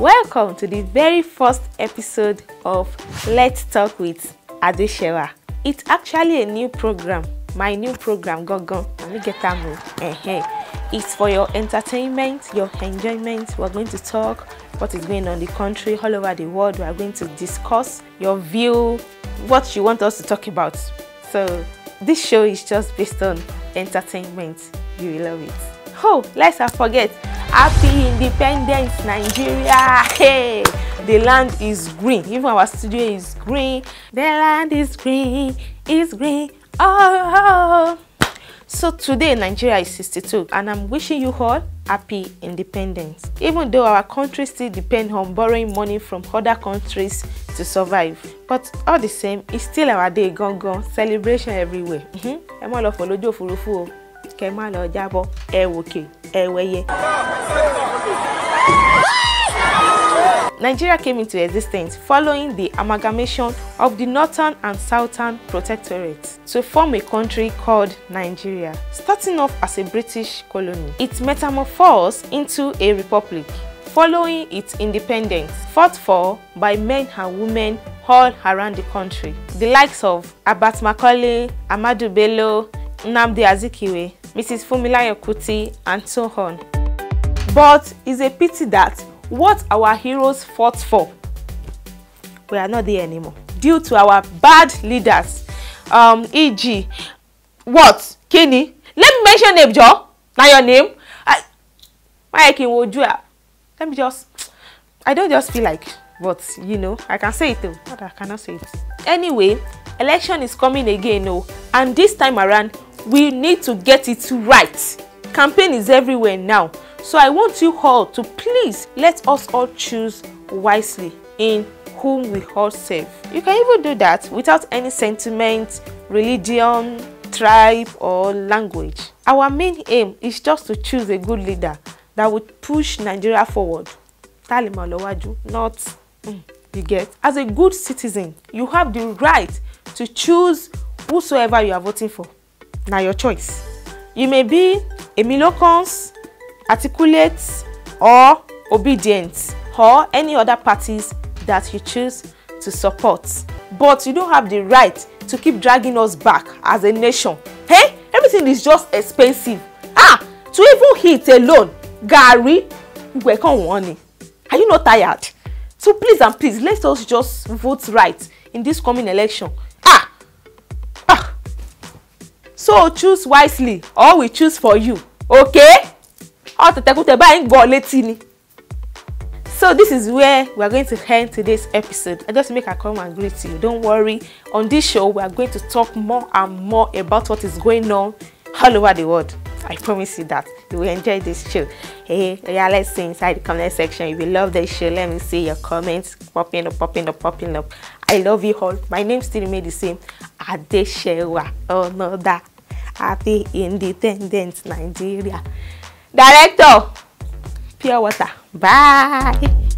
Welcome to the very first episode of Let's Talk with Adeshewa. It's actually a new program, my new program, go. Let me get that move. Hey, It's for your entertainment, your enjoyment. We're going to talk what is going on in the country, all over the world. We are going to discuss your view, what you want us to talk about. So this show is just based on entertainment. You will love it. oh let's not forget happy independence nigeria hey the land is green even our studio is green the land is green is green oh, oh, so today nigeria is 62 and i'm wishing you all happy independence even though our country still depend on borrowing money from other countries to survive but all the same it's still our day gangan celebration everywhere mm-hmm. ẹ mọ lọ fọ lójú òfurufú o kẹ má lọ jábọ́ ẹ wòkè ẹ wẹyẹ. Nigeria came into existence following the amalgamation of the Northern and Southern Protectorates to form a country called Nigeria. Starting off as a British colony, it metamorphosed into a republic following its independence, fought for by men and women all around the country. The likes of Abat Macaulay, Amadu Bello, Nnamdi Azikiwe, Mrs. Fumilayo Kuti, and so on. But it's a pity that what our heroes fought for, we are not there anymore due to our bad leaders. Um, e.g., what? Kenny? Let me mention name, Joe. Now your name. I, my King Wojua. Let me just. I don't just feel like, but you know, I can say it though. But I cannot say it. Anyway, election is coming again, oh, and this time around we need to get it right campaign is everywhere now so i want you all to please let us all choose wisely in whom we all serve you can even do that without any sentiment religion tribe or language our main aim is just to choose a good leader that would push nigeria forward talima lowaju not mm, you get as a good citizen you have the right to choose whosoever you are voting for na your choice. You may be a mendicant, articulate or obedient or any other parties that you choose to support. But you don't have the right to keep dragging us back as a nation. Hey, everything is just expensive. Ah, to even eat alone, Gary, we can want Are you not tired? So please and please, let us just vote right in this coming election so choose wisely or we choose for you okay ọ̀tẹ̀tẹ̀kùtẹ̀ báyìí ń gọ̀ létí ni. So this is where we are going to end today's episode. I just make a come and greet you. Don't worry. On this show, we are going to talk more and more about what is going on all over the world. I promise you that you will enjoy this show. Hey, yeah, let's see inside the comment section. If you love this show, let me see your comments popping up, popping up, popping up. I love you all. My name still remains the same. Adeshewa that Happy Independent Nigeria. Director, pure water. Bye.